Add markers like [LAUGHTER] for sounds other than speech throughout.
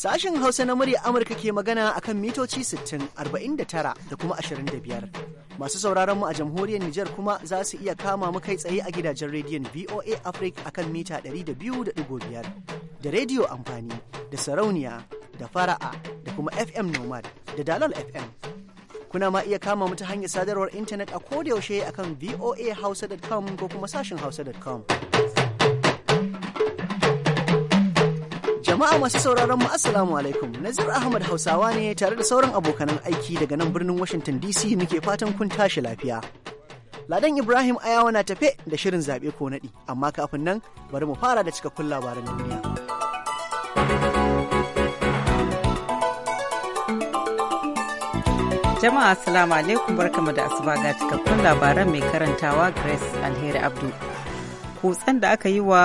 Sashen Hausa na murya Amurka ke magana akan mitoci 60, 49 da kuma 25. Masu sauraron mu a jamhuriyar Nijar kuma za su iya kama mu kai tsaye a gidajen rediyon VOA Africa akan mita 200.5 da rediyo amfani da sarauniya da fara'a da kuma FM Nomad da Dalal FM. Kuna ma iya kama mu ta hanyar sadarwar intanet a kodayaushe akan voahausa.com ko kuma sashen hausa.com. Jama'a masu sauraron mu Assalamu alaikum. Nazir Ahmad Hausawa ne tare da sauran abokanan aiki daga nan birnin Washington DC muke fatan kun tashi lafiya. Ladan Ibrahim Ayawa na tafe da shirin zaɓe ko naɗi, amma kafin nan bari mu fara da cikakkun labaran duniya. Jama'a Assalamu alaikum barkamu da asuba ga cikakkun labaran mai karantawa Grace Alheri Abdul, kutsen da aka yi wa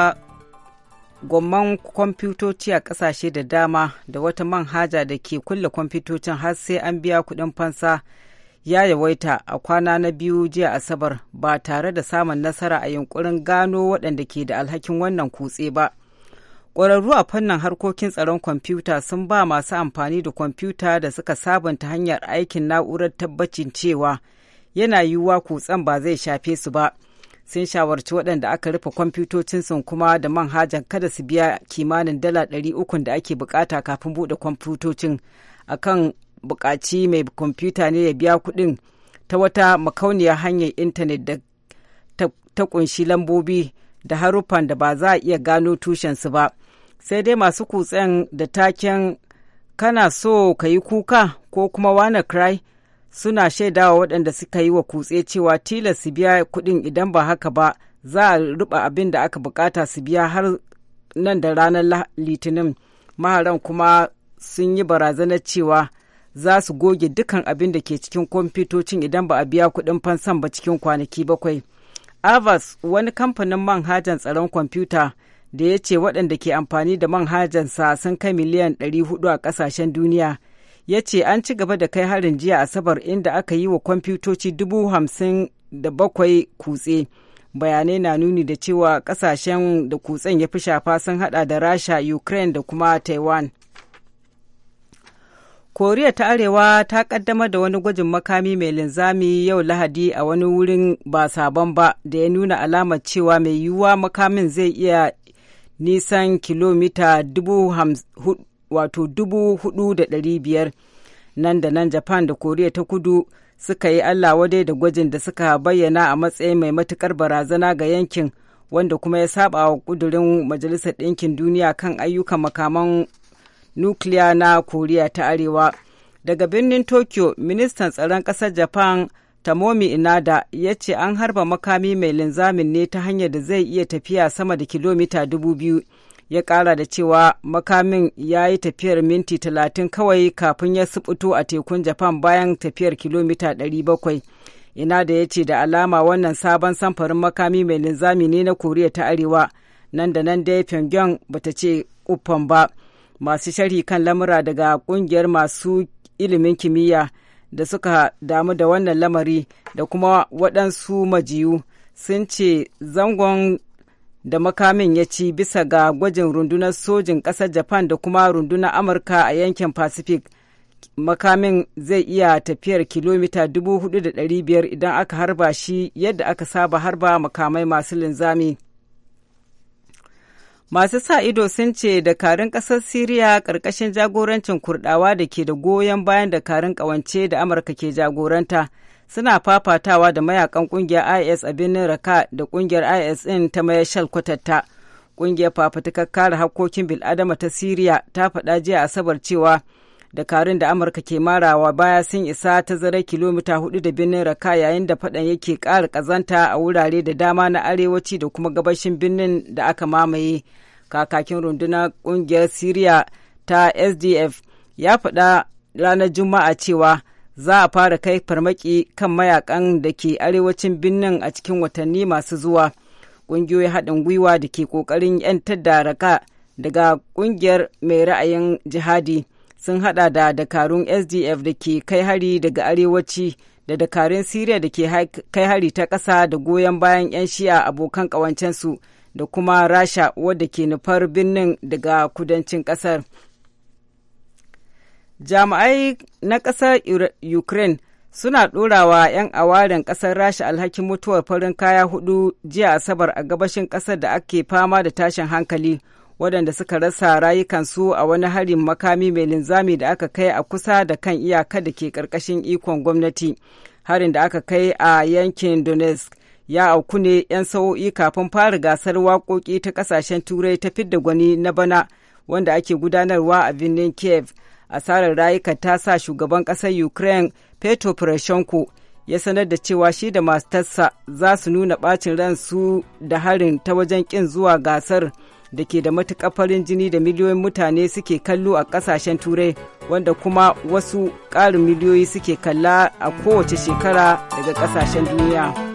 gwamman kwamfutoci a ƙasashe da dama da wata manhaja da ke kulle kwamfutocin har sai an biya kuɗin fansa ya yawaita a kwana na biyu jiya asabar ba tare da samun nasara a yunkurin gano waɗanda ke da alhakin wannan kutse ba ƙwararru a fannin harkokin tsaron kwamfuta sun ba masu amfani da kwamfuta da suka sabunta hanyar aikin na'urar tabbacin cewa yana yiwuwa kutsen ba zai shafe su ba. sun shawarci waɗanda aka rufe kwamfutocin sun kuma da manhajan kada su biya kimanin dala ɗari ukun da ake bukata kafin buɗe kwamfutocin akan buƙaci mai kwamfuta ne ya biya kuɗin ta wata makauniyar hanyar intanet da ta ƙunshi lambobi da haruffan da ba za a iya gano tushensu ba sai dai masu kutsen da taken kana so ka yi kuka ko kuma wanna cry suna shaidawa waɗanda suka yi wa kutse cewa tilas su biya kuɗin idan ba haka ba za a ruba abin da aka bukata su biya har nan da ranar litinin maharan kuma sun yi barazanar cewa za su goge dukkan abin da ke cikin kwamfutocin idan ba a biya kuɗin fansan ba cikin kwanaki bakwai avas wani kamfanin manhajan tsaron kwamfuta da ya ce waɗanda ke amfani da sa sun kai miliyan 400 a ƙasashen duniya ya ce an ci gaba da kai harin jiya asabar inda aka yi wa kwamfutoci dubu hamsin da bakwai kutse bayanai na nuni da cewa kasashen da kutsen ya fi shafa sun hada da rasha ukraine da kuma taiwan koriya ta arewa ta kaddamar da wani gwajin makami mai linzami yau lahadi a wani wurin ba sabon ba da ya nuna alamar cewa mai yiwuwa makamin zai iya nisan kilomita wato dubu hudu da dari biyar nan da nan japan da koriya ta kudu suka yi allah wadai da gwajin da suka bayyana a matsayin mai matukar barazana ga yankin wanda kuma ya saba wa kudurin majalisar ɗinkin duniya kan ayyukan makaman nukiliya na koriya ta arewa daga birnin tokyo ministan tsaron ƙasar japan tamomi inada ya ce an harba makami mai linzamin ne ta hanyar da zai iya tafiya sama da kilomita dubu biyu ya kara da cewa makamin ya yi tafiyar minti talatin kawai kafin ya subuto a tekun japan bayan tafiyar kilomita 700 ina da ya ce da alama wannan sabon samfarin makami mai linzami ne na koriya ta arewa nan da nan dai pyongyang bata ce uffan ba masu sharhi kan lamura daga kungiyar masu ilimin kimiyya da suka damu da wannan lamari da kuma waɗansu majiyu sun ce zangon da makamin ya ci bisa ga gwajin rundunar sojin ƙasar japan da kuma rundunar amurka a yankin pacific makamin zai iya tafiyar kilomita 4,500 idan aka harba shi yadda aka saba harba makamai masu linzami masu sa ido sun ce dakarun ƙasar siriya ƙarƙashin jagorancin kurɗawa da ke da goyon bayan dakarun ƙawance da amurka ke jagoranta suna fafatawa da mayakan kungiyar is a birnin raka da kungiyar is din ta mayar kwatatta kungiyar fafatakar kare hakkokin bil'adama ta siriya ta faɗa jiya asabar cewa dakarun da amurka ke marawa baya sun isa ta zara kilomita hudu da birnin raka yayin da faɗan yake ƙara ƙazanta a wurare da dama na arewaci da kuma gabashin birnin da aka mamaye kakakin rundunar kungiyar siriya ta sdf ya faɗa ranar juma'a cewa za a fara kai farmaki kan mayakan da ke arewacin birnin a cikin watanni masu zuwa ƙungiyoyin haɗin gwiwa da ke ƙoƙarin 'yantar da raka daga ƙungiyar mai ra'ayin jihadi sun haɗa da dakarun sdf da ke kai hari daga arewaci da dakarun siriya da ke kai hari ta ƙasa da goyon bayan 'yan shi'a abokan ƙawancensu da kuma rasha wadda ke nufar birnin daga kudancin ƙasar. jami'ai na ƙasar ukraine suna ɗorawa 'yan awarin ƙasar rasha alhakin mutuwar farin kaya hudu jiya asabar a gabashin ƙasar da ake fama da tashin hankali waɗanda suka rasa rayukansu a wani harin makami mai linzami da aka kai a kusa da kan iyaka da ke ƙarƙashin ikon gwamnati harin da aka kai a yankin donetsk ya auku ne 'yan sa'o'i kafin fara gasar waƙoƙi ta ƙasashen turai ta fidda gwani na bana wanda ake gudanarwa a birnin kiev asarar rayukan ta sa shugaban ƙasar ukraine petro poroshenko ya sanar da cewa shi da matarsa za su nuna ɓacin ransu da harin ta wajen ƙin zuwa gasar da ke da matuƙar farin jini da miliyoyin mutane suke kallo a ƙasashen turai wanda kuma wasu ƙarin miliyoyi suke kalla a kowace shekara daga ƙasashen duniya.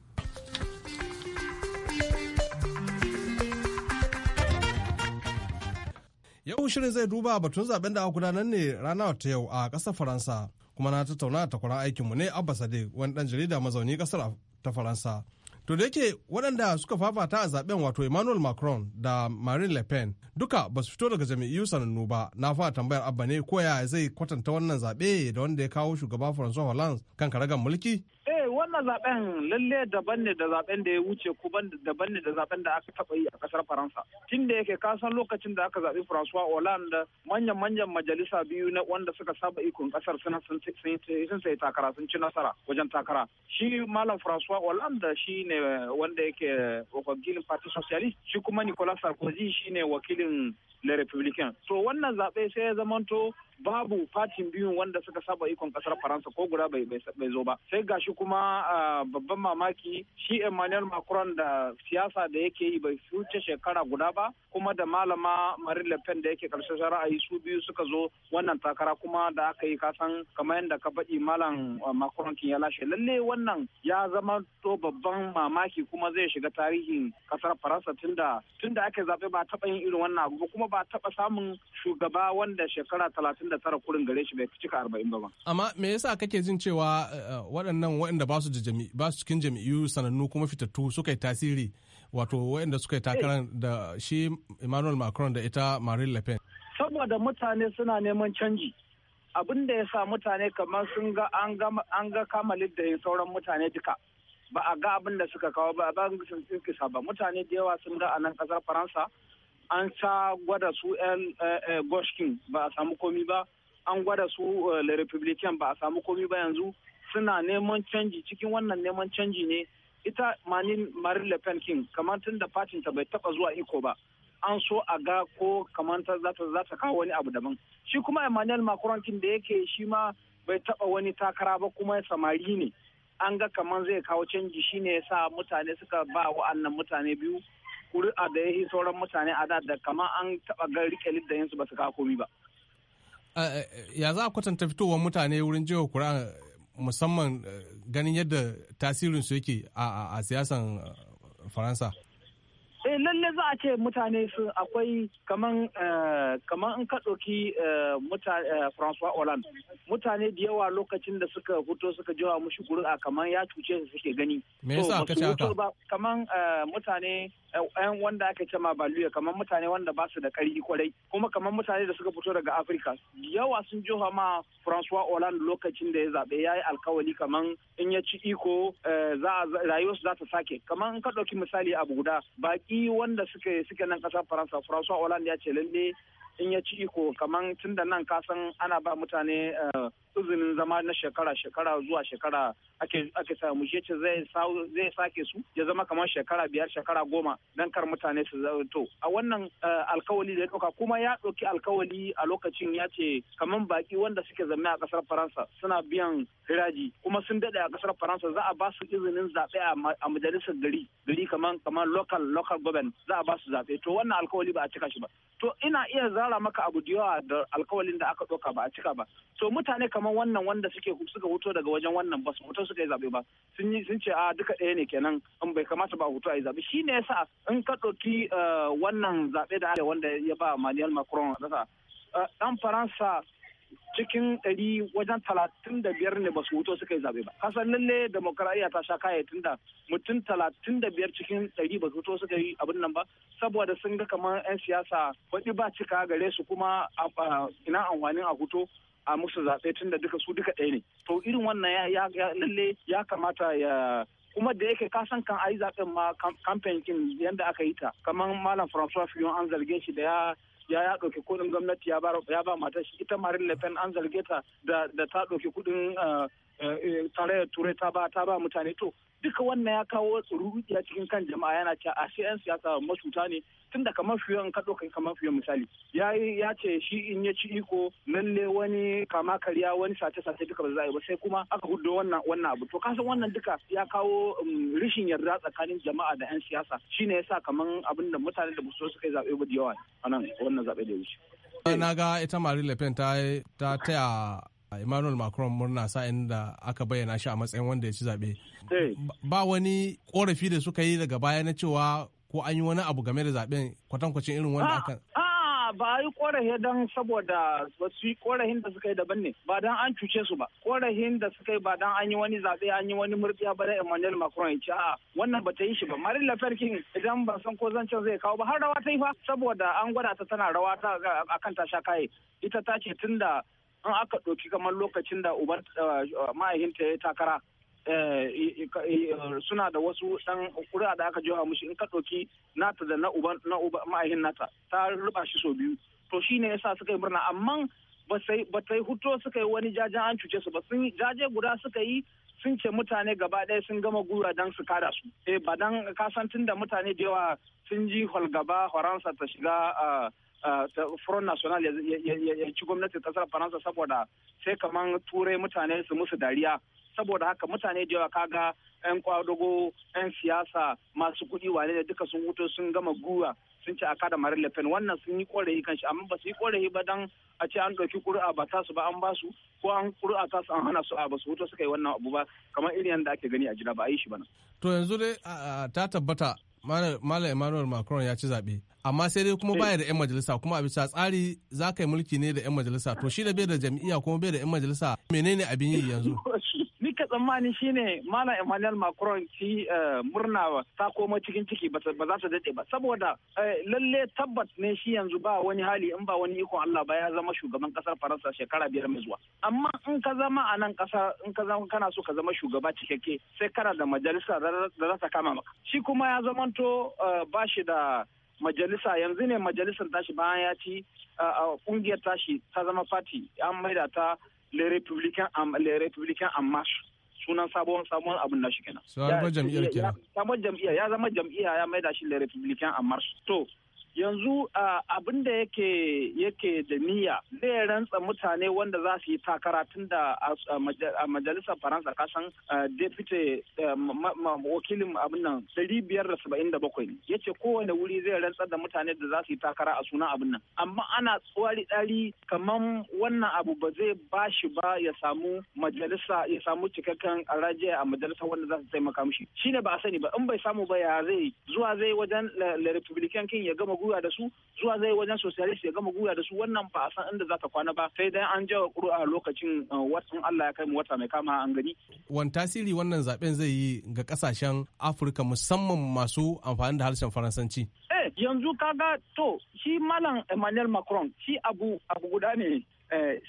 Yau shirin zai duba batun zaben da aka gudanar ne rana ta yau a ƙasar Faransa kuma na tattauna da aikin mu ne Abba Sadiq wani dan jarida mazauni kasar ta Faransa. To da yake waɗanda suka fafata a zaben wato Emmanuel Macron da Marine Le Pen duka ba su fito daga jami'u sanannu ba na fara tambayar Abba ne ko ya zai kwatanta wannan zaɓe da wanda ya kawo shugaba faransa Hollande kan karagan mulki. wannan zaben lalle daban ne da zaben da ya wuce ko daban ne da zaben da aka taba yi a kasar Faransa. Tun da yake kasan lokacin da aka zaɓi Francois Hollande manyan manyan majalisa biyu na wanda suka saba ikon kasar suna sun sai takara sun ci nasara wajen takara. Shi Malam Francois Hollande shi ne wanda yake wakilin Parti Socialist shi kuma Nicolas Sarkozy shi ne wakilin na republican so wannan zaɓe sai ya zamanto babu fatin biyun wanda suka saba ikon kasar faransa ko guda bai zo ba sai gashi kuma babban mamaki shi emmanuel macron da siyasa da yake yi bai fice shekara guda ba kuma da malama marie le pen da yake karshen ra'ayi su biyu suka zo wannan takara kuma da aka yi kasan kamar yadda ka baɗi malam macron kin ya lashe lalle wannan ya zama to babban mamaki kuma zai shiga tarihin kasar faransa tunda tunda ake zaɓe ba taɓa yin irin wannan abu kuma ba taɓa samun shugaba wanda shekara talatin da tara kurin gare shi bai cika arba'in ba. Amma me yasa kake jin cewa eh, waɗannan waɗanda ba su cikin jami'u sanannu kuma fitattu suka yi tasiri wato waɗanda suka yi takarar da shi Emmanuel Macron da ita Marine Le Pen. Saboda mutane suna neman canji. Abin da ya sa mutane kamar sun ga an ga kamalin da sauran mutane duka. ba a ga abin da suka kawo ba a ba ba mutane da yawa sun ga a nan kasar faransa an sa gwada su 'yan eh, eh, eh, goshkin ba a samu komi ba an gwada su le republican ba a samu komi ba yanzu suna neman canji cikin wannan neman canji ne ita manin marie le pen king kamar tun da ta bai taba zuwa iko ba an so a ga ko kamar ta za ta kawo wani abu daban shi kuma emmanuel macron king da yake shi ma bai taba wani takara ba kuma samari ne an ga kamar zai kawo canji shine sa mutane suka ba wa'annan mutane biyu kuri'a da ya yi sauran mutane a da da kama an taba ga rike liddayensu ba su kawo komi ba. Ya za a kwatanta fitowar mutane wurin jiwa kuri'a musamman eh, ganin yadda tasirin su yake a siyasan eh, Faransa? eh lalle za a ce mutane su akwai kaman eh, kaman in ka ɗauki François Hollande mutane da yawa lokacin da suka huto suka jawa mushi guri kaman ya cuce su suke gani. Me yasa ka ce haka? Kaman mutane 'yan wanda aka ce ma baluya kamar mutane wanda ba su da ƙarfi kwarai kuma kamar mutane da suka fito daga afirka yawa sun jiha ma francois hollande lokacin da ya zaɓe ya yi alkawali kamar in ya ci iko eh, rayuwarsu za ta sake kamar in ka ɗauki misali abu guda baƙi wanda suke nan ƙasar faransa francois hollande ya ce lalle in ya ci iko kaman tun da nan kasan ana ba mutane eh, izinin zama na shekara-shekara zuwa shekara ake samu ce zai sake su ya zama kamar shekara biyar shekara goma don kar mutane su zato a wannan eh, alkawali da ya ɗauka kuma ya ɗauki alkawali a lokacin ya ce kamar baki wanda suke zama a kasar faransa suna biyan hiraji kuma sun daɗe a ƙasar faransa za a ba su izinin zaɓe a majalisar gari gari kamar kamar local local government za a ba su zaɓe to wannan alkawali ba a cika shi ba to ina iya zara maka abu da yawa da alkawalin da aka ɗauka ba a cika ba so mutane kamar wannan wanda suke suka hutu daga wajen wannan bas hutu suka yi zabe ba sun yi sun ce a ah, duka ɗaya ne kenan in bai kamata ba hutu a yi zabe shine yasa in ka ɗauki eh, wannan zaɓe da wanda ya ba Emmanuel Macron dan eh, Faransa cikin ɗari wajen talatin da biyar ne ba su wuto suka yi zaɓe ba kasan nan ne demokaradiyya ta sha kaya tun da mutum talatin da biyar cikin ɗari ba su wuto suka yi abin nan ba saboda sun ga kamar 'yan siyasa baɗi ba cika gare su kuma ina amfanin a hutu a musu zaɓe tun da duka su duka ɗaya ne to irin wannan ya lalle ya kamata ya kuma da yake kasan kan ayi zaɓen ma kamfen yadda aka yi ta kamar malam francois fiyon an zarge shi da ya ya ya ɗauki kuɗin gwamnati ya ba matar shi ita Marine lefen Pen an zarge ta da ta ɗauki kuɗin eh, Eh, eh, tarayyar turai ta ba ta ba mutane to duka wannan ya kawo a cikin kan jama'a yana cewa a sai 'yan siyasa masuta ne tun da kamar fiyon ka ɗauka kamar fiyon misali ya ya ce shi in ya ci iko lalle wani kama karya wani sace sace duka ba za yi ba sai kuma aka hudo wannan wannan abu to kasan wannan duka ya kawo um, rishin yarda tsakanin jama'a da 'yan siyasa shine yasa kamar abin da mutane da musu suka yi zaɓe ba da yawa a nan wannan zaɓe da ya wuce. na ga ita marie le pen ta taya Emmanuel Macron murna sa'in da aka bayyana shi a matsayin wanda ya ci zaɓe. Ba wani korafi da suka yi daga baya na cewa ko an yi wani abu game da zaɓen kwatankwacin irin wanda ah, aka. Ah, ba a yi korafi don saboda ba su yi korafin da suka yi daban ne ba don an cuce su ba korafin da suka yi ba don an yi wani zaɓe an yi wani murtiya ba da Emmanuel Macron ya ce a wannan ba ta yi shi ba Marine Le Pen kin idan ba san ko zancen zai kawo ba har rawa ta yi fa saboda an gwada ta tana rawa ta akan ta sha kaye ita ta ce tun da in aka ɗauki kamar lokacin da uban eh, ma'aikinta ya takara eh, eh, suna da wasu ɗan ƙuri'a da aka wa mushi in ka ɗauki nata da na uban na nata ta ruba shi sau biyu to shine yasa suka yi murna amma ba ta yi hutu suka yi wani jajen an cuce su ba sun jaje guda suka yi sun ce mutane gaba ɗaya sun gama gura don su kada su ba dan kasan tun da mutane da yawa sun ji holgaba faransa ta shiga ah, Uh, front national ya ci gwamnatin kasar faransa saboda sai kamar turai mutane su musu dariya saboda haka mutane da yawa kaga 'yan kwadugo 'yan siyasa masu kuɗi wane ne duka sun wuto sun gama guwa sun ci aka da Marine Le wannan sun yi korafi kanshi amma ba su yi korafi ba dan a ce an ɗauki kuri'a ba ta su ba an basu ko an kuri'a ta su an hana su a ba su wuto suka yi wannan abu ba kamar irin yadda ake gani a jira ba a yi shi ba to yanzu dai ta tabbata Malam Emmanuel Macron ya ci zaɓe. Amma sai dai kuma baya da 'yan majalisa kuma a bisa tsari za ka yi mulki ne da 'yan majalisa to shi da bai da jam'iyya kuma bai da 'yan majalisa menene abin yi yanzu? [LAUGHS] tsammani shine mana Emmanuel Macron ci eh, murna ta koma cikin ciki ba za ta daɗe ba saboda eh, lalle tabbat ne shi yanzu ba wani hali in ba wani iko Allah ba ya zama shugaban kasar Faransa shekara biyar mai zuwa amma in ka zama a nan kasa in ka zama kana so ka zama shugaba cikakke sai kana da majalisa da za ta kama maka shi kuma ya zamanto eh, ba shi da majalisa yanzu ne majalisar tashi bayan ya ci kungiyar tashi ta zama fati an maida ta le republican en marche sunan sabon sabon abin nashi kenan sabon jam'iyyar kenan sabon jam'iyyar ya zama jam'iyya ya maida shi da republican amma to yanzu abin da yake yake da niyya zai rantsa mutane wanda za su yi takara tun da a majalisar faransa kasan deputy wakilin abin nan dari biyar da saba'in da bakwai ya ce kowane wuri zai rantsa da mutane da za su yi takara a sunan abin nan amma ana tsawari ɗari kamar wannan abu ba zai ba shi ba ya samu majalisa ya samu cikakken rajiya a majalisa wanda za su taimaka mishi shine ba a sani ba in bai samu ba ya zai zuwa zai wajen la republican king ya gama gwiwa da su zuwa zai wajen socialist ya gama gwiwa da su wannan ba a san inda za ta kwana ba sai dai an jawa a lokacin uh, watan Allah ya kai mu wata mai kama an gani. Wan tasiri wannan zaben zai yi ga kasashen Afirka musamman masu amfani da harshen Faransanci. Eh yanzu kaga to shi Malam Emmanuel Macron shi abu abu guda ne Eh,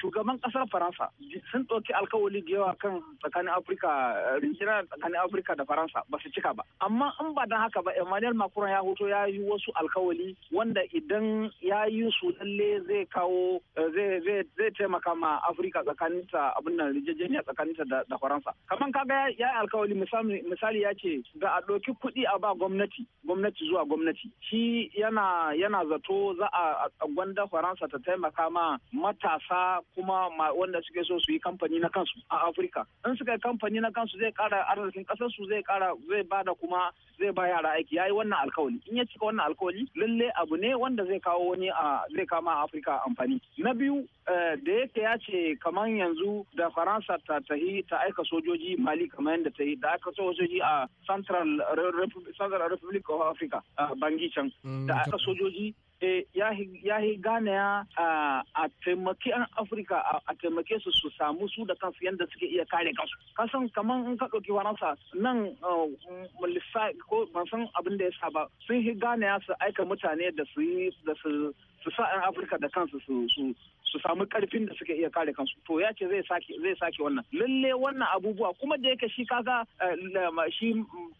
shugaban kasar faransa sun ɗauki alkawali da yawa kan tsakanin afirka eh, rinjina tsakanin afirka da faransa ba su cika ba amma in ba don haka ba emmanuel macron ya hoto ya yi wasu alkawali wanda idan ya yi su lalle zai kawo eh, zai taimaka ma afirka tsakaninta abin nan rijejeniya tsakaninta da faransa kamar kaga ya yi alkawali misali ya ce da a ɗauki kuɗi a ba gwamnati gwamnati zuwa gwamnati shi yana yana zato za a gwanda faransa ta taimaka taimaka ma matasa kuma wanda suke so su yi kamfani na kansu a Afirka. In suka yi kamfani na kansu zai kara arzikin kasar su zai kara zai bada kuma zai ba yara aiki yayi wannan alkawali. In ya cika wannan alkawali lalle abu ne wanda zai kawo wani a zai kama Afirka amfani. Na biyu eh, da yake ya ce kamar yanzu da Faransa ta tahi ta aika sojoji Mali kamar yadda ta yi da aka sojoji a Central Republic of Africa Bangi can mm, da aka sojoji eh ya yi gane ah, a taimaki an afirka a taimake su su samu su da kansu yadda suke iya kare kansu kasan kamar in ka ɗauki faransa nan ah, ko ban san abin da ya sa ba sun yi gane su aika mutane da su su sa 'yan afirka da kansu su samu karfin da suka iya kare kansu to ya ce zai sake zai sake wannan lalle wannan abubuwa kuma da yake shi kaga eh, shi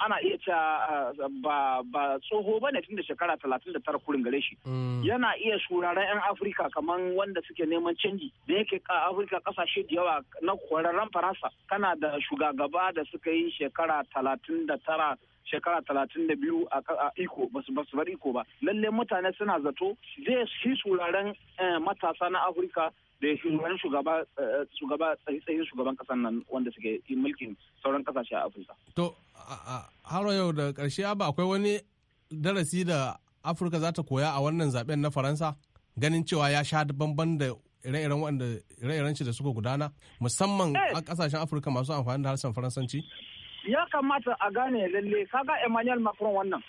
ana iya ta eh, ba ba tsoho bane tun da shekara 39 kurin gare shi mm. yana iya shuraren yan Afirka kaman wanda suke neman canji da yake Afirka kasashe da yawa na kwararren Faransa kana da shugaba da suka yi shekara 39 shekara talatin da biyu a iko ba su bar iko ba lalle mutane suna zato zai shi suraren eh, matasa na afirka da shugaban shugaba eh, shugaba tsaye shugaban kasan nan wanda suke mulkin sauran kasashe a afirka to har yau da karshe ba akwai wani darasi da afirka za ta koya a wannan zaben na faransa ganin cewa ya sha bamban da ire-iren wanda ire-iren shi da suka gudana musamman a kasashen eh. afirka masu amfani da harshen faransanci ya kamata a gane lalle kaga emmanuel macron wannan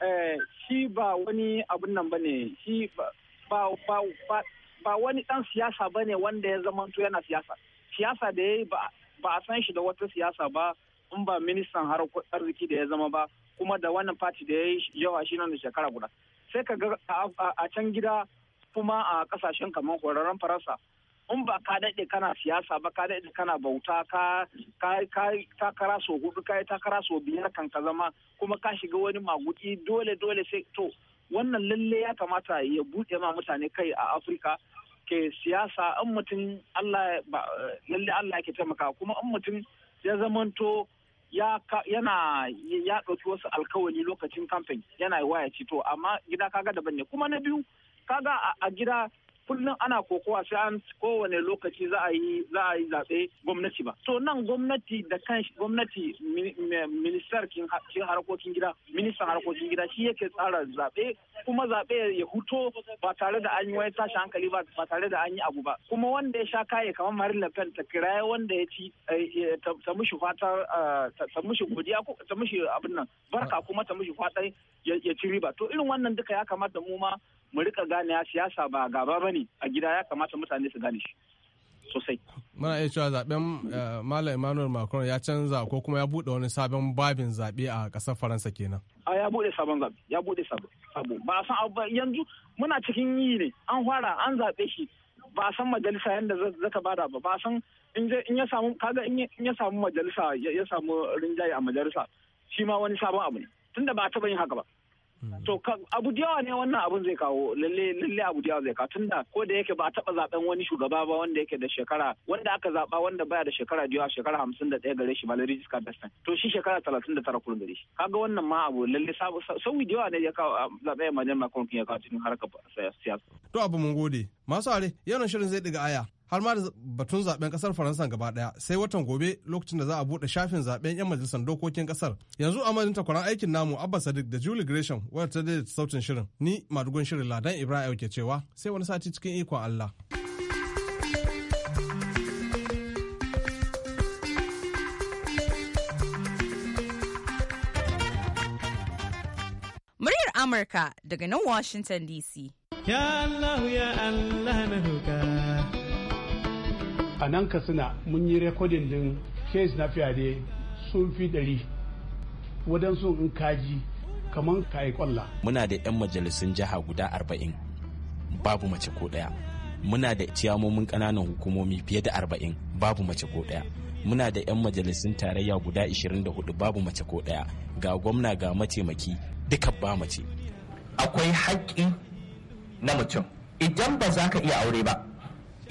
eh, shi ba wani abun nan ne shi ba wani dan siyasa bane wanda ya zama yana siyasa siyasa da ya yi ba a san shi da wata siyasa ba in ba ministan arziki da ya zama ba kuma da wannan fati da ya yi yawa shi nan da shekara guda sai ka ga a can gida kuma a kasashen kamar horarren faransa in ba ka daɗe kana siyasa ba ka daɗe kana bauta ka takara so hudu ka takara so biyar kan ka zama kuma ka shiga wani maguɗi dole dole sai to wannan lalle ya kamata ya buɗe ma mutane kai a afirka ke siyasa in mutum allah lalle allah ke taimaka kuma in mutum ya zamanto yana ya ɗauki wasu alkawali lokacin kamfen yana waya ci to amma gida kaga daban ne kuma na biyu kaga a gida kullum ana kokowa sai an kowane lokaci za a yi za a yi zaɓe gwamnati ba to nan gwamnati da kan gwamnati ministar kin harkokin gida ministan harkokin gida shi yake tsara zaɓe kuma zaɓe ya huto ba tare da an yi wani tashi hankali ba ba tare da an yi abu ba kuma wanda ya sha kaye kamar Marine Le Pen ta kiraye wanda ya ci eh, eh, ta mushi fatar ah, ta mushi godiya ko ta mushi abin nan barka ah. kuma ta mushi fatar ya ci riba to irin wannan duka ya kamata mu ma mu rika gane siyasa ba gaba ba ne a gida ya kamata mutane su gane shi sosai. Muna iya cewa zaben eh, Malam Emmanuel Macron ya canza ko kuma ya buɗe wani sabon babin zaɓe a ƙasar Faransa kenan. A ya buɗe sabon zaɓe, ya buɗe sabo. Ba a san abu yanzu muna cikin yi ne, an fara an zaɓe shi ba a san majalisa yadda zaka bada ba, ba a san in ya samu kaga in ya samu majalisa ya samu rinjaye a majalisa shi ma wani sabon abu ne. Tunda ba a taɓa yin haka ba. Mm. to abu diyawa ne wannan abun zai kawo lalle lalle abu diyawa zai kawo tunda ko da yake ba a taba zaben wani shugaba ba wanda yake da shekara wanda aka zaba wanda baya da shekara diyawa shekara hamsin da ɗaya gare shi ba lalle jiska bestan to shi shekara talatin da tara kullum gare shi kaga wannan ma abu lalle sauyi diyawa ne ya kawo zaɓe ma jan makon ya kawo cikin harkar siyasa. to abu mun gode masu are yawan shirin zai ɗiga aya har ma da batun zaben kasar faransa gaba daya sai watan gobe lokacin da za a bude shafin zaben yan majalisar dokokin kasar yanzu a madadin takwaran aikin namu abba sadiq da julie gresham wadda ta daidaita sautin shirin ni madugun shirin ladan ibrahim ke cewa sai wani sati cikin ikon allah Muryar Amurka daga nan Washington DC. Ya Allah ya Allah na hukar. a nan suna mun yi rekodin din kes na fiyade sun fi ɗari sun in kaji kamar ka yi kwalla. Muna da 'yan majalisun jiha guda arba'in babu mace ko ɗaya. Muna da ciyamomin ƙananan hukumomi fiye da arba'in babu mace ko ɗaya. Muna da 'yan majalisun tarayya guda hudu babu mace ko ɗaya. Ga gwamna ga mataimaki duka ba mace. Akwai haƙƙi na mutum. Idan ba za ka iya aure ba,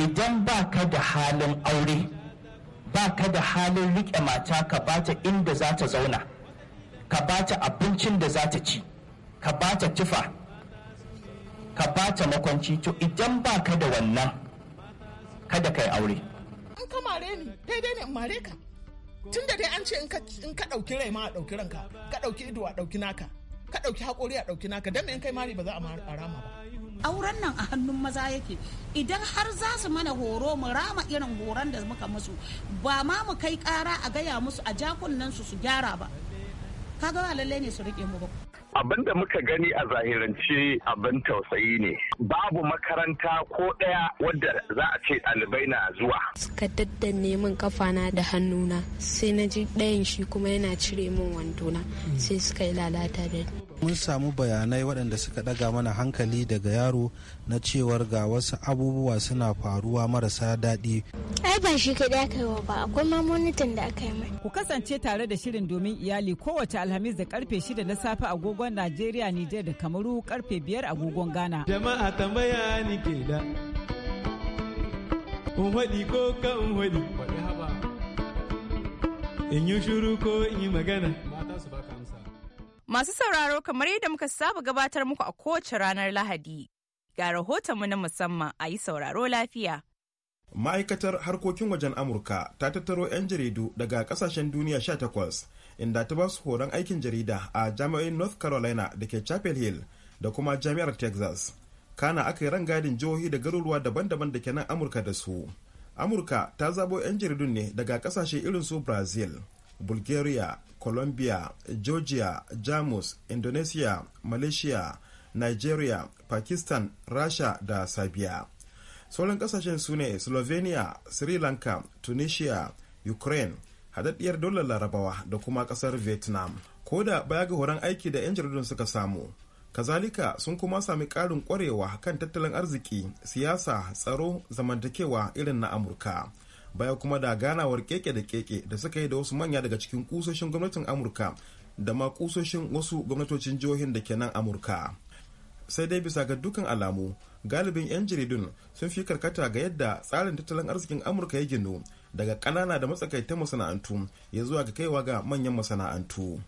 idan ba ka da halin aure ba ka da halin riƙe mata ka ba ta inda za ta zauna ka ba ta abincin da za ta ci ka ba ta tufa ka ba ta makwanci to idan ba ka da wannan kada ka yi aure in ka mare ni daidai ne in mare ka tun da dai an ce in ka ɗauki rai ma a ɗauki ranka ka ɗauki ido a ɗauki naka ka ɗauki haƙori a ɗauki naka don me in kai mari ba za a rama ba auren nan a hannun maza yake idan har za su mana horo mu rama irin horon da muka musu ba ma mu kai kara a gaya musu a jakunan su su gyara ba kaga lallai ne su rike mu ba abin da muka gani a zahirance abin tausayi ne babu makaranta ko ɗaya wadda za a ce ɗalibai na zuwa suka daddanne min kafana da hannuna sai na ji ɗayan shi kuma yana cire min wandona sai suka yi lalata da mun samu bayanai waɗanda suka ɗaga mana hankali daga yaro na cewar ga wasu abubuwa suna faruwa marasa daɗi. Ai ba shi kaɗai aka yi wa ba, akwai mamonitan da aka yi mai. Ku kasance tare da shirin domin iyali kowace alhamis da karfe shida na safe agogo agogon Najeriya, Nijar da Kamaru karfe biyar agogon Ghana. Jama'a tambaya ni ke da. ko ka In yi shuru ko in yi magana. Masu sauraro kamar yadda muka saba gabatar muku a kowace ranar Lahadi. Ga rahotonmu na musamman a yi sauraro lafiya. Ma'aikatar harkokin wajen Amurka ta tattaro 'yan jaridu daga ƙasashen duniya 18 inda ta ba su horon aikin jarida a jami'o'in north carolina da ke chapel hill da kuma jami'ar texas kana aka yi rangadin jihohi da garuruwa daban-daban da ke nan amurka da su amurka ta zabo 'yan jaridun ne daga kasashe irin su brazil bulgaria colombia georgia jamus indonesia malaysia nigeria pakistan rasha da sabia sauran kasashen su ne slovenia sri lanka tunisia ukraine haɗaɗɗiyar dolar larabawa da kuma ƙasar vietnam ko da baya ga horon aiki da 'yan jaridun suka samu kazalika sun kuma sami karin kwarewa kan tattalin arziki siyasa tsaro zamantakewa irin na amurka baya kuma da ganawar keke da keke da suka yi da wasu manya daga cikin kusoshin gwamnatin amurka da ma kusoshin wasu gwamnatocin jihohin da ke nan amurka sai dai bisa ga dukkan alamu galibin 'yan jaridun sun fi karkata ga yadda tsarin tattalin arzikin amurka ya ginu daga ƙanana da matsakaitan masana'antu ya zuwa ga kaiwa ga manyan masana'antu.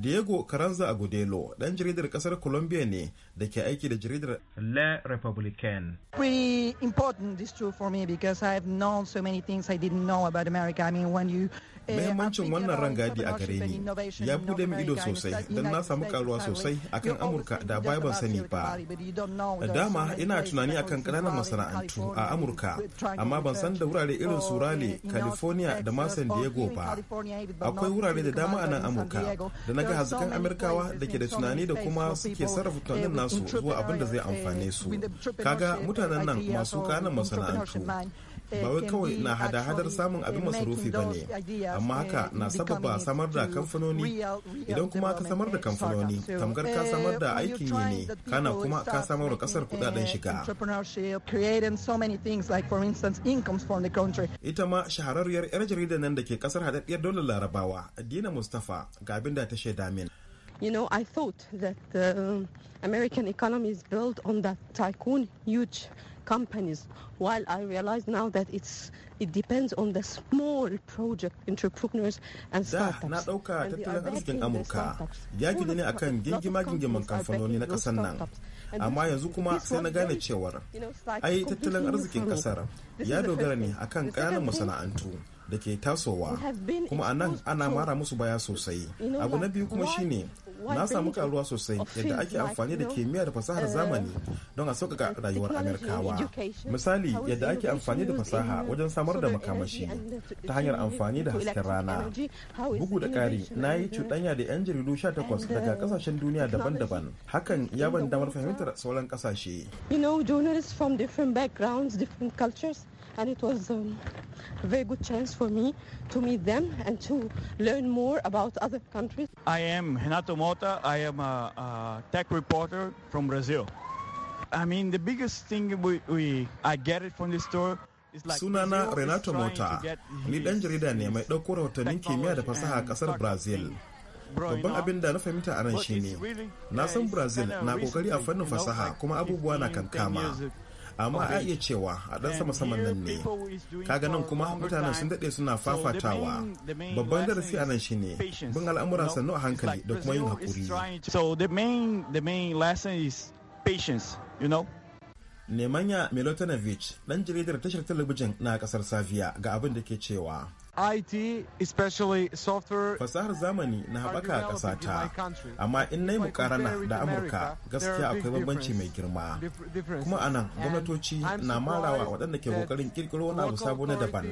Diego Carranza Agudelo, ɗan jaridar ƙasar Colombia ne da ke aiki da jaridar Le Republican. Pretty important this true for me because I have known so many things I didn't know about America. I mean, when you Eh, Mahimmancin wannan rangadi a gare ni ya bude min ido sosai don na samu karuwa sosai akan Amurka da baya ban sani ba. Dama ina tunani akan ƙananan masana'antu a Amurka amma ban san da wurare irin su uh, rale California da ma San Diego ba. Akwai wurare da dama a nan Amurka da na ga hazikan amurkawa da ke da tunani da kuma suke sarrafa tunanin eh, nasu zuwa abin da zai amfane eh, su. Kaga mutanen nan masu kananan masana'antu bawai kawai na hada-hadar samun abin masarufi ba ne amma haka na sababa samar da kamfanoni idan kuma ka samar da kamfanoni tamkar ka eh, samar da aikin yi ne kana kuma ka samar da kasar kudaden eh, shiga ita ma shahararriyar 'yar jaridar nan da ke kasar haɗaɗɗiyar dole larabawa dina mustapha ga abin da ta shaida min You know, I thought that the uh, American economy is built on that tycoon huge companies. While I realize now that it's it depends on the small project entrepreneurs and startups. Da na ɗauka tattalin arzikin Amurka ya gida ne akan gingima-gingiman kamfanoni na ƙasar nan. Amma yanzu kuma sai na gane cewar ai tattalin arzikin ƙasar ya dogara ne akan ƙananan masana'antu. da ke tasowa kuma a nan ana mara musu baya sosai abu na biyu kuma shine na samu karuwa sosai yadda ake amfani da kimiyya da fasahar uh, zamani don a sauƙaƙa rayuwar amerikawa misali yadda ake amfani da fasaha wajen samar da makamashi ta hanyar amfani da hasken rana bugu da ƙari na yi uh, cuɗanya da 'yan jaridu sha 18 daga uh, ƙasashen duniya daban-daban hakan ya ban damar fahimtar sauran ƙasashe you know journalists from different backgrounds different cultures and it was um, a very good chance for me to meet them and to learn more about other countries. I am Renato Mota. I am a, a tech reporter from Brazil. I mean, the biggest thing we, we I get it from this tour. Sunana Renato Mota, ni dan jarida ne mai ɗauko rahotannin kimiyya da fasaha a ƙasar Brazil. Babban abin da na fahimta a nan shine, na san Brazil na ƙoƙari a fannin fasaha kuma abubuwa na kankama. amma a iya cewa a ɗan sama saman nan ne kaga nan kuma mutanen sun daɗe suna fafatawa babban darasi a nan shine bin al'amura sannu a hankali da kuma yin hakuri so Milutinovic, ɗan jaridar tashar talabijin na ƙasar Safiya ga abin da ke cewa IT, especially software. Fasahar zamani na haɓaka ƙasa ta, amma in na yi mukarana da Amurka gaskiya akwai bambanci mai girma. Kuma a nan gwamnatoci na marawa waɗanda ke ƙoƙarin ƙirƙiro wani abu sabo na daban.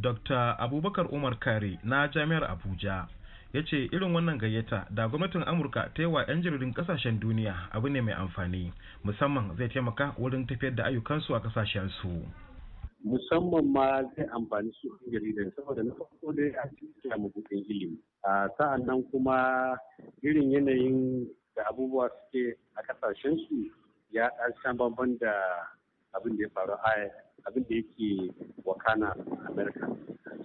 Dr. Abubakar Umar Kare na Jami'ar Abuja. ya ce irin wannan gayyata da gwamnatin amurka ta yi wa 'yan jaridun ƙasashen duniya abu ne mai amfani musamman zai taimaka wurin tafiyar da ayyukansu a ƙasashensu. musamman ma zai amfani su ɗan jaridan saboda na farko dai a cikin mabuɗin ilimi sa'an nan kuma irin yanayin da abubuwa suke a kasashen su ya ɗan shan banban da abin da ya faru a abin da yake wakana a amerika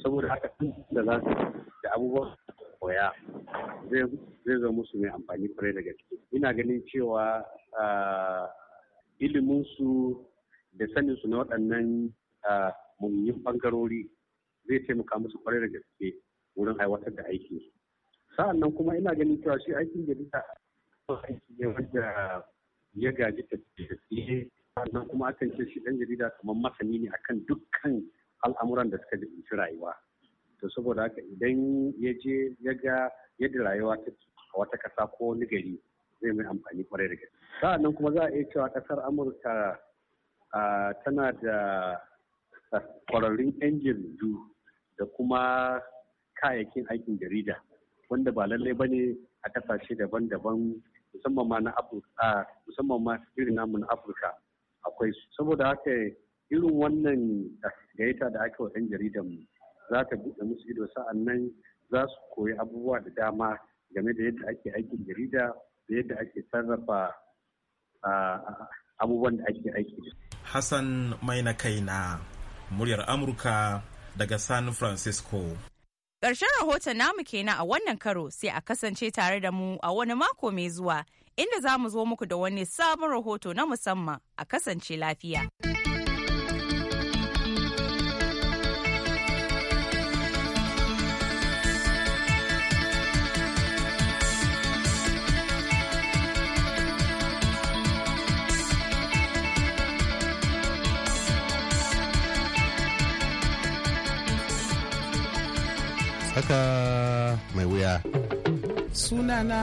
saboda haka da za su da abubuwa koya zai zama musu mai amfani kwarai da gaske ina ganin cewa ilimin su da sanin su na waɗannan mummuyin bangarori zai taimaka musu kwarai da gaske wurin aiwatar da aiki sa'an nan kuma ina ganin cewa shi aikin jarida aiki ne wanda ya gaji tafiye sannan kuma akan ce shi dan jarida kamar masani ne akan dukkan al'amuran da suka jibinci rayuwa to saboda haka idan ya je ya ga yadda rayuwa ta a wata ƙasa ko wani gari zai mai amfani kwarai da gaske sa'annan kuma za a iya cewa ƙasar amurka tana da kwararrun 'yan jaridu da kuma kayayyakin aikin jarida wanda ba lallai ba ne a kasashe daban-daban musamman ma na afirka musamman ma irin namu na afirka akwai su saboda haka irin wannan gaita da aka wa 'yan jaridan mu za ta buɗe musu ido sa'an nan za su koyi abubuwa da dama game da yadda ake aikin jarida da yadda ake sarrafa abubuwan da ake aiki. Hassan mai na kaina muryar Amurka daga San Francisco. Ƙarshen rahoton namu kenan a wannan karo sai a kasance tare da mu a wani mako mai zuwa inda za mu zo muku da wani sabon rahoto na musamman a kasance lafiya. tsaka mai wuya. Sunana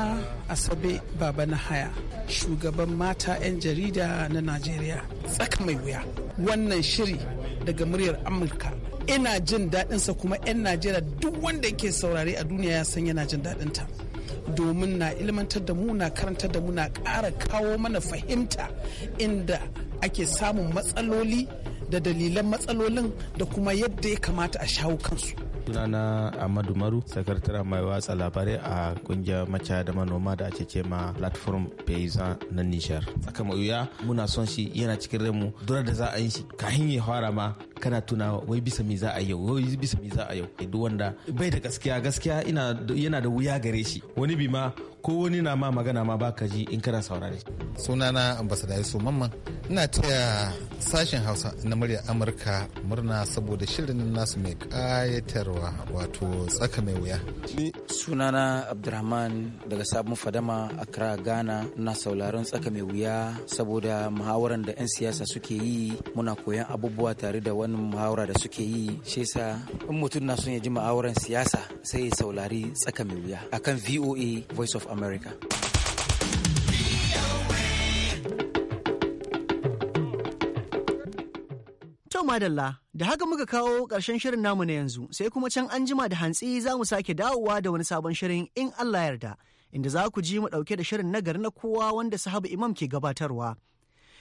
Asabe Baba na haya, shugaban mata 'yan jarida na Najeriya. Tsaka mai wuya. Wannan shiri daga muryar Amurka. Ina jin daɗinsa kuma 'yan Najeriya duk wanda ke saurare a duniya ya san yana jin daɗinta. Domin na ilmantar da mu na karantar da mu na ƙara kawo mana fahimta inda ake samun matsaloli da dalilan matsalolin da kuma yadda ya kamata a shawo kansu. sunana Ahmadu Maru, sakataren mai watsa labarai a kungiyar maca da manoma da ake ce ma platform paysan na Nijar. saka muna son shi yana cikin remu, dole da za a yi shi kahin ya fara ma kana tuna wai bisa me za a yau wai bisa me za a yau duk wanda bai da gaskiya gaskiya ina yana da wuya gare shi wani bi ma ko wani na ma magana ma baka ji in kana saurare sunana ambassador Yusuf Mamman ina taya sashen Hausa na murya Amurka murna saboda shirin nasu mai kayatarwa wato tsaka mai wuya ni sunana Abdurrahman daga Sabon Fadama Accra Ghana na sauraron tsaka mai wuya saboda muhawaran da 'yan siyasa suke yi muna koyan abubuwa tare da wani wannan muhawara da suke yi shi yasa in mutum na son ya ji ma'auran siyasa sai ya saurari tsaka mai wuya akan VOA Voice of America. To madalla da haka muka kawo ƙarshen shirin namu na yanzu sai kuma can an jima da hantsi za mu sake dawowa da wani sabon shirin in Allah yarda inda za ku ji mu ɗauke da shirin na gari na kowa wanda sahabu imam ke gabatarwa.